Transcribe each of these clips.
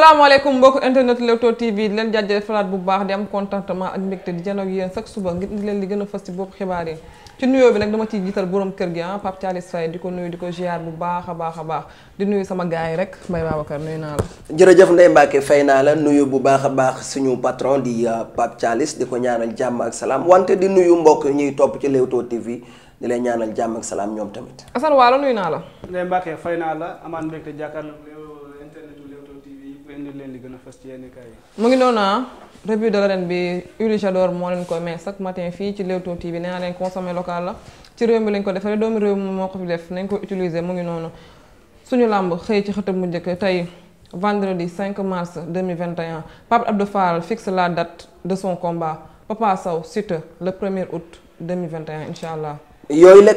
salaamaaleykum mbokk internet Leewtoo TV di leen jaajëfalaat bu baax di am contentement ak mbégte di a fës ci bopp xibaar yi ci nuyoo bi nag ah, di ko nuyu bu baax a baax a baax di nuyu sama gars yi rek Mbaye Babacar nuyu a euh, jàmm ak salaam wante di nuyu mbokk ñuy topp ci Leewtoo TV. di lay ñaanal jàmm ak salaam ñoom tamit. Assane Waalo nuyu naa la. Ndeye Mbacke fay naa la amaan mbégte jàkkaarloo indi leen li gën a fas ci yenn kaay yi. mu ngi noonu ah revue de l'arène bi Uli Jador moo leen koy may chaque matin fii ci Leewtoo TV nee naa leen consommer local la ci réew mi lañ ko defaree doomu réew mi moo ko fi def nañ ko utiliser mu ngi noonu suñu làmb xëy ci xëtam mu njëkk tey. vendredi 5 mars 2021 Pape Abdou Fall fixe la date combat Papa Sow Siteu le 1er août allah. yooyu la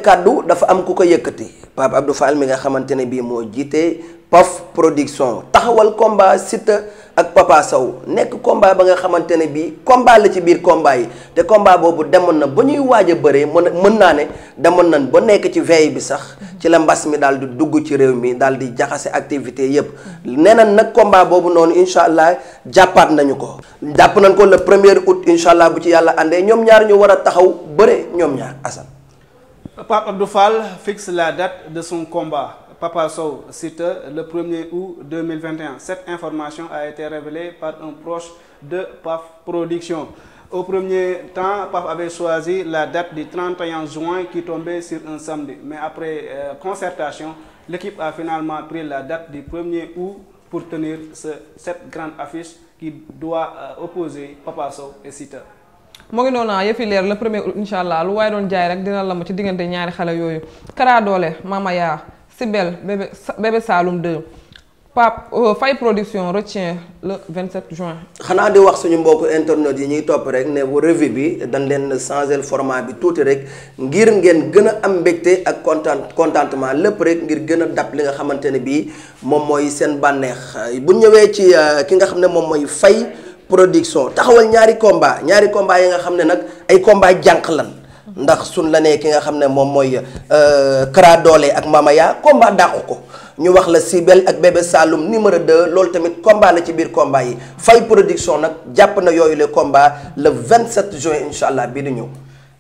dafa am ku ko yëkkati Pape Abdou Fall mi nga xamante ne bii moo jiite Paf production taxawal combat sita ak Papa Sow nekk combat ba nga xamante ne bii combat la ci biir combat yi te combat boobu demoon na ba ñuy waaj a bëree mën mën naa ne demoon nañ ba nekk ci veille bi sax ci la mbas mi daal di dugg ci réew mi daal di jaxase activité yëpp nee nañ nag combat boobu noonu incha allah jàppaat nañu ko. jàpp nañ ko le premier août incha allah bu ci yàlla àndee ñoom ñaar ñu war a taxaw bëre ñoom ñaar Assane. Papa Sow Siteu le 1er août 2021. Cette information a été révélée par un proche de PAF Production. Au premier temps, PAF avait choisi la date du 31 juin qui tombait sur un samedi. Mais après euh, concertation, l'équipe a finalement pris la date du 1er pour tenir ce, cette grande affiche qui doit euh, opposer Papa Sow et Siteu. mu ngi noonu ah yëfi leer le premier août incha allah lu waaye doon jaay rek dina la ma ci diggante ñaari xale yooyu Kara Dollé Mama Sibel bébé bébé Saloum 2 Pape euh, Faye production retient le juin. xanaa di wax suñu mbokk internet yi ñuy topp rek ne bu revue bi dañ leen changer format bi tuuti rek ngir ngeen gën a am mbégte ak content contentement lépp rek ngir gën a dab li nga xamante ne bii moom mooy seen bànneex bu ñëwee ci euh, ki nga xam ne moom mooy fay production taxawal ñaari combat ñaari combat yi nga xam ne nag ay combat jànq lan ndax suñ la nee ki nga xam ne moom mooy euh, Kara Dollé ak mamaya Ya combat ko ñu wax la Sibel ak Bébé Saloum numéro 2 loolu tamit combat la ci biir combat yi Faye Production nag jàpp na yooyu le combat vingt 27 juin incha allah bii di ñëw.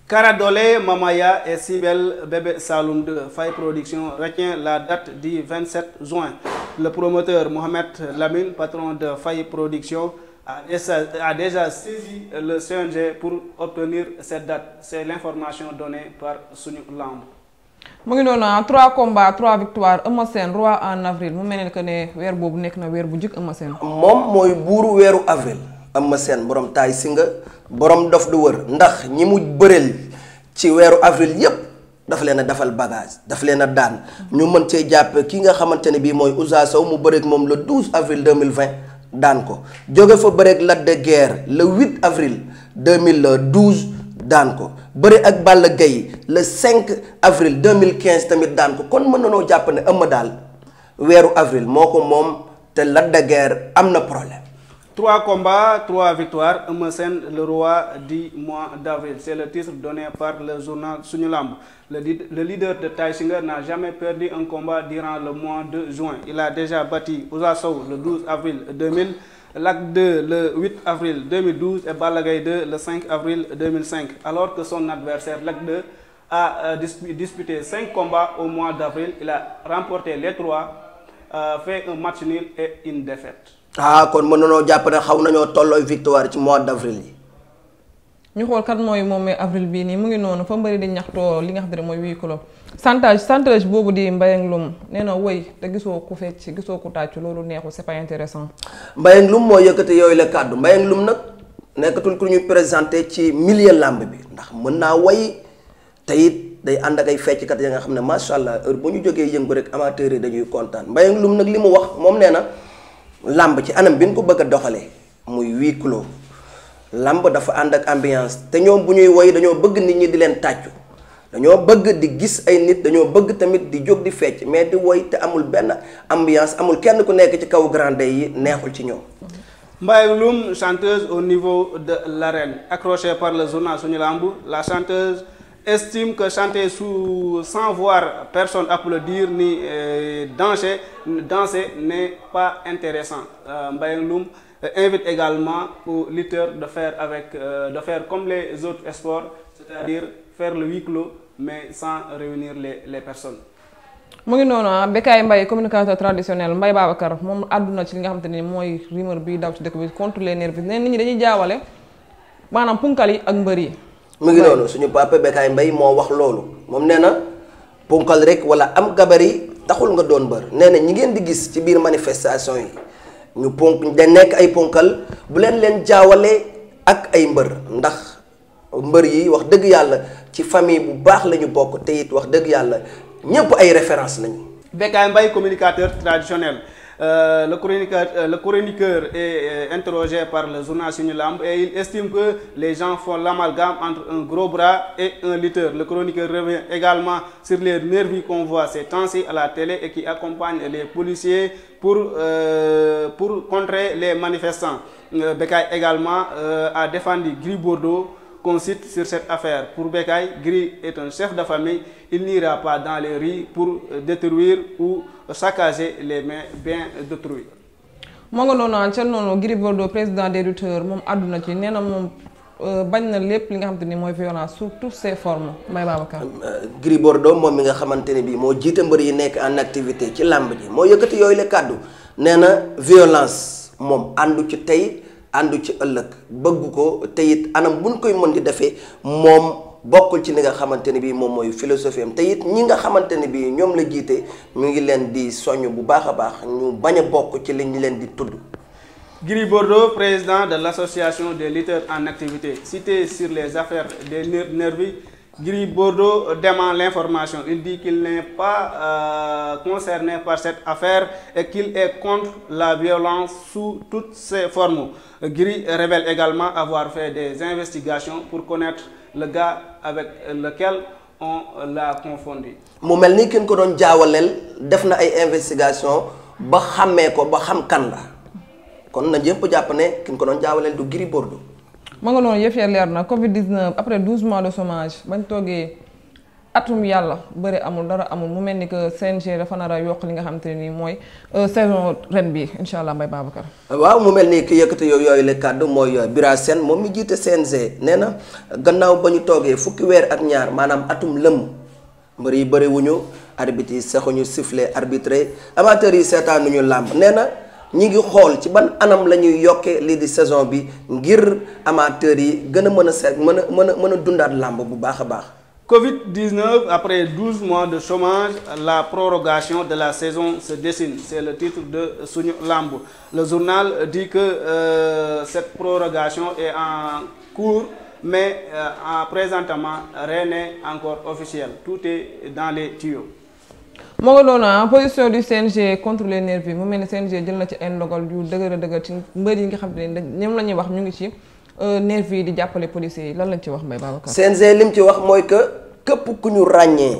Kara Dollé, Mama et Sibel Bébé Saloum de Faye Production retient la date du 27 juin. Le promoteur Mohamed Lamine, patron de Faye Production. a déjà saisi le CNG pour obtenir cette date c'est l'information donnée par suñu lamb mu ngi noonu ah trois combats trois victoires Eumeu Sène roi en avril mu mel ne que ne weer boobu nekk na weer bu njëkk Eumeu Sène moom mooy buuru weeru avril Eumeu seen borom taay si nga borom dof du wër ndax ñi mu bëreel ci weeru avril yépp dafa leen a defal bagage dafa leen a daan ñu mën cee jàpp ki nga xamante ne bii mooy Ousa Sow mu bëreek moom le 12 avril 2020 daan ko jóge fa bëreeg Lac de Guiers le 8 avril 2012 daan ko bëri ak Balla Gaye le 5 avril 2015 tamit daan ko kon mën na noo jàpp ne ëmma daal weeru avril moo ko moom te Lac de am na problème Trois combats, trois victoires, Eumeu Sène, le roi du mois d'avril. C'est le titre donné par le journal Suñu Lamb. Le, le leader de Tay Shinger n'a jamais perdu un combat durant le mois de juin. Il a déjà battu Ouza Sow le 12 avril 2000, Lac 2 le 8 avril 2012 et Balla Gaye 2 le 5 avril 2005, alors que son adversaire Lac 2 a euh, disputé cinq combats au mois d'avril. Il a remporté les trois, euh, fait un match nul et une défaite. ah kon mën nañoo jàpp ne xaw nañoo tollooy victoire ci mois d' avril yi. ñu xool kat mooy moom mooy avril bii nii mu ngi noonu fa mbëri di ñaxtoo li nga xam ne mooy wii kulo chantage chantage boobu di Mbayang Loum nee na woy te gisoo ku fecc gisoo ku tàcc loolu neexul c'est pas intéressant Mbayang Loum moo yëkkati yooyu la kàddu Mbayang Loum nag nekkatul ku ñu présenté ci milieu làmb bi ndax mën naa woy te it day ànd ak ay fecckat ya nga xam ne macha allah heure bu ñu jógee yëngu rek amateur yi dañuy kontaan Mbayang Loum nag li mu wax moom nee na làmb ci anam bi nu ko bëgg doxalee muy huis clos làmb dafa ànd ak ambiance te ñoom bu ñuy woy dañoo bëgg nit ñi di leen tàccu dañoo bëgg di gis ay nit dañoo bëgg tamit di jóg di fecc mais di woy te amul benn ambiance amul kenn ku nekk ci kaw grande yi neexul ci ñoom. Mbaye Loum chanteuse au niveau de l'arène accrochée par le journal suñu làmb la chanteuse. estime que chanter sous, sans voir personne applaudir ni euh, danser, danser n'est pas intéressant. mbay euh, Mbaye euh, invite également aux lutteurs de fair avec, euh, de faire comme les autres sports, c'est-à-dire faire le huis clos, mais sans réunir les, les personnes. mu ngi noonu ah Bécaye Mbaye communicateur traditionnel mbay Babacar moom àdduna ci li nga xamante ni mooy rumeur bi daw ci dëkk bi contre les neen nit ñi dañuy jaawale maanaam punkal yi ak mbër yi mu ngi noonu suñu papa Bécaye mbay moo wax loolu moom nee na ponkal rek wala am gabari taxul nga doon bër nee na ñi ngeen di gis ci biir manifestation yi ñu ponk da nekk ay ponkal bu leen leen jaawalee ak ay mbër ndax mbër yi wax dëgg yàlla ci famille bu baax la ñu bokk te it wax dëgg yàlla ñépp ay référence lañu. Bécaye mbay communicateur traditionnel. Euh, le chroniqueur, euh, le chroniqueur est euh, interrogé par le journal Sunu Lamb et il estime que les gens font l'amalgame entre un gros bras et un lutteur. Le chroniqueur revient également sur les nervis qu'on voit ces temps-ci à la télé et qui accompagnent les policiers pour, euh, pour contrer les manifestants. Euh, Bécaye également à défendu Gris Bordeaux qu'on cite sur cette affaire. Pour Bekaï, Gris est un chef de famille. Il n'ira pas dans les rues pour euh, détruire ou saccager les mains bien d'autrui. moo nga noonu ah, ca noonu Gris Bordeaux président des moom àdduna ci nee na moom euh, bañ na lépp li nga xamante ni mooy violence surtout toutes forme formes Mbaye Babacar. Euh, Gris Bordeaux moom mi nga xamante ne bii moo jiite mbër yi nekk en activité ci làmb ji moo yëkkati yooyu la kàddu nee na violence moom àndu ci tey. àndu ci ëllëg bëgg ko teyit it anam buñ koy mën di defee moom bokkul ci li nga xamante ne bii moom mooy philosophie am it ñi nga xamante ne bii ñoom la jiite mu ngi leen di soññ bu baax a baax ñu bañ a bokk ci lañu leen di tudd. Gris Bordeaux président de l' association des lutteurs en activité cité sur les affaires des nervis Gris Bordeaux dément l'information. Il dit qu'il n'est pas euh, concerné par cette affaire et qu'il est contre la violence sous toutes ses formes. Gris révèle également avoir fait des investigations pour connaître le gars avec lequel on l'a confondu. mu mel ni ki ñu ko doon jaawaleel def na ay investigation ba xàmmee ko ba xam kan la kon na ñëpp jàpp ne ki ñu ko doon jaawaleel du Gris Bordeaux. ma nga noonu yëf ya leer na Covid 19 après 12 mois de chômage bañ toogee atum yàlla bëri amul dara amul mu mel ni que CNG dafa nar a yokk li nga xam te ne nii mooy euh, saison ren bi incha allah Mbaye Babacar. waaw mu mel ni ki yëkkati yow yooyu la kàddu mooy euh, Bira Sène moom mi jiite CNG nee na gannaaw ba ñu toogee fukki weer ak ñaar maanaam atum lëmm mbër yi bëri wuñu arbitre yi saxuñu sifflé arbitré amateurs yi seetaanuñu làmb nee na. ñi ngi xool ci ban anam la ñuy yokkee lii di saison bi ngir amateur yi gën a mën a seet mën a mën a mën a dundaat làmb bu baax a baax. Covid-19, après 12 mois de chômage, la prorogation de la saison se dessine. C'est le titre de Sunyu Lambo. Le journal di que euh, cette prorogation est en cours, mais euh, en présentement, rien encore officiel. Tout est dans les tuyaux. moo nga doon ah position du CNG contre les nervis mu mel ne CNG jël na ci ay ndogal yu dëgër dëgër ci mbër yi nga xam ne ñoom la ñuy wax ñu ngi ci euh, nervis yi di jàppale policiers yi lan lañ ci wax Mbaye Babacar. CNG lim ci wax mooy que képp ku ñu ràññee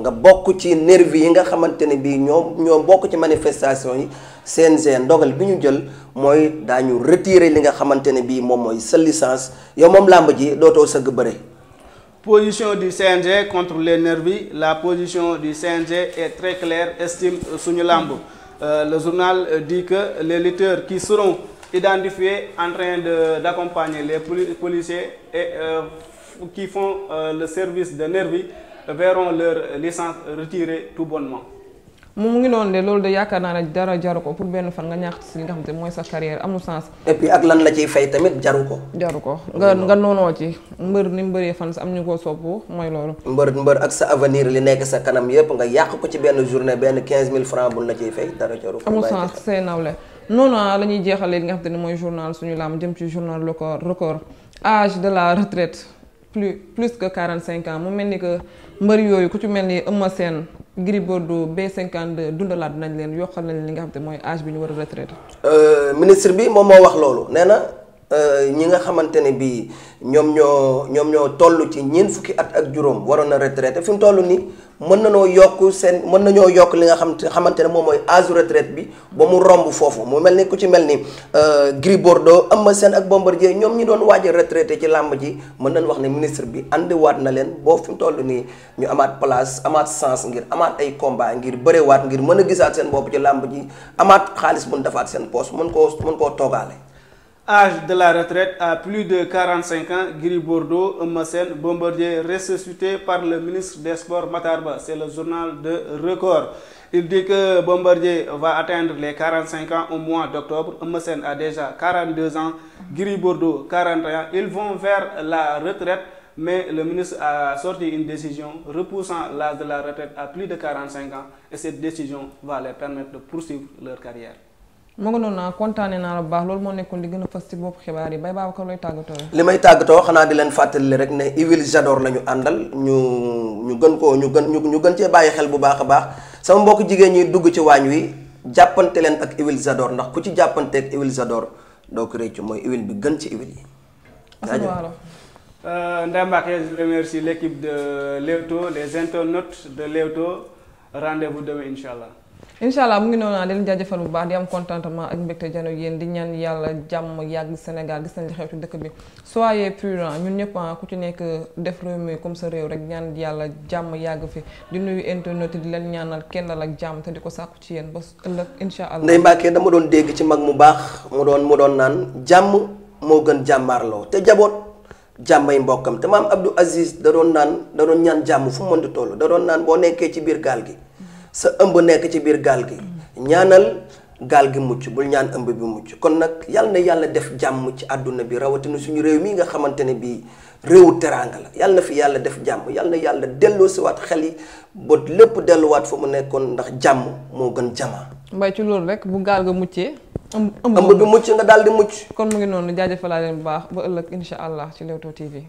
nga bokk ci nervis yi nga xamante ne bii ñoo ñoo bokk ci manifestation yi CNG ndogal bi ñu jël mooy daañu retirer li nga xamante ne bii moom mooy sa licence yow moom làmb ji dootoo sëgg bëre. position du CNG contre les nervis la position du CNG est très claire estime suñu làmb euh, le journal dit que les lutteurs qui seront identifiés en train de d'accompagner les policiers et euh, qui font euh, le service de nervis verront leur licence retirée tout bonnement mu ngi noonu de loolu de yaakaar naa ne dara jaru ko pour benn fan nga ñàkk ci li nga xam te mooy sa carrière amul sens. et ak lan la ciy fay tamit jaru ko. jaru ko nga nga noonoo ci mbër ni mbëree fan si am ñu koo soppu mooy loolu. mbër mbër ak sa avenir li nekk sa kanam yëpp nga yàq ko ci benn journée benn 15000 francs bu la ciy fay dara jaru ko. amul sens say nawle noonu ah la ñuy jeexalee li nga xam te ne mooy journal suñu laam jëm ci journal record record âge de la retraite plus plus que 45 ans mu mel ni que mbër yooyu ku ci mel ni Eumeu seen Gris Bordeaux B52 dundalaat nañ leen yokkal nañ li nga xam te mooy âge bi ñu war a retraité. Euh, ministre bi moom moo wax loolu nee na euh, ñi nga xamante ne bii ñoom ñoo ñoom ñoo toll ci ñeent fukki at ak juróom waroon na retraité fi mu toll nii. mën nañoo yokk seen mën nañoo yokk li nga xam xamante ne moom mooy âge retraite bi ba mu romb foofu mu mel ni ku ci mel ni euh, Gris Bordeaux Eumeu seen ak bombar Bombardier ñoom ñi doon waaj retraité ci làmb ji mën nañ wax ne ministre bi àndiwaat na leen boo fi mu toll nii ñu amaat place amaat sens ngir amaat ay combat ngir barewaat ngir mën a gisaat seen bopp ci làmb ji amaat xaalis bu ñu defaat seen poste mën koo mën koo toogaale. âge de la retraite à plus de 45 ans, Gris Bordeaux, Eumeu Sène, Bombardier ressuscité par le ministre des Sports Matar Ba. C'est le journal de Record. Il dit que Bombardier va atteindre les 45 ans au mois d'octobre. Eumeu Sène a déjà 42 ans, Gris Bordeaux 41. Ils vont vers la retraite, mais le ministre a sorti une décision repoussant l'âge de la retraite à plus de 45 ans et cette décision va leur permettre de poursuivre ma nga noonu naa kontaane naa la bu baax loolu moo nekkoon li gën a fas ci bopp xibaar yi bay Babacar looy tàggatoo li may tàggatoo xanaa di leen fàttali rek ne Iwil Jador ñu àndal ñu ñu gën ko ñu gën ñu gën cee bàyyi xel bu baax a baax sama mbokk jigéen ñi dugg ci waañ wi jàppante leen ak Iwil Jador ndax ku ci jàppante ak Iwil Jador doo ko réccu mooy Iwil bi gën ci Iwil yi euh, Ndeye Mbacke je remercie l'équipe de Leewtoo les internautes de Leewtoo rendez-vous demain incha allah incha allah mu ngi noonu leen jaajëfal bu baax di am contentement ak mbégte jano yéen di ñan yàlla jàmm yàgg Sénégal gis nañ li xew ci dëkk bi soyez prudent ñun ñëpp ah, ku ci nekk def réew mi comme sa réew rek ñan yàlla jàmm yàgg fi di nuyu internet di leen ñaanal kennal ak jàmm te di ko sàkku ci yéen ba ëllëg incha allah Ndeye Mbacke dama doon dégg ci mag mu baax mu doon mu doon naan jàmm moo gën jàmmaarloo te jaboot jàmmay mbokkam te maam Abdou Aziz da doon naan da ñaan jàmm fu mu mën di naan boo nekkee ci biir gaal gi sa ëmb nekk ci biir gaal gi ñaanal gaal gi mucc bul ñaan ëmb bi mucc kon nag yàlla na yàlla def jàmm ci àdduna bi rawatina suñu réew mii nga xamante ne bii réewu teraanga la yal na fi yàlla def jàmm yàlla yàlla delloo si waat xel yi ba lépp delluwaat fa mu nekkoon ndax jàmm moo gën jamaa mbay ci loolu rek bu gaal ga muccee ëmb ëmb bi mucc nga daal di mucc kon mu ngi noonu jaajëfalaa leen bu baax ba ëllëg insha allah ci Leewtoo TV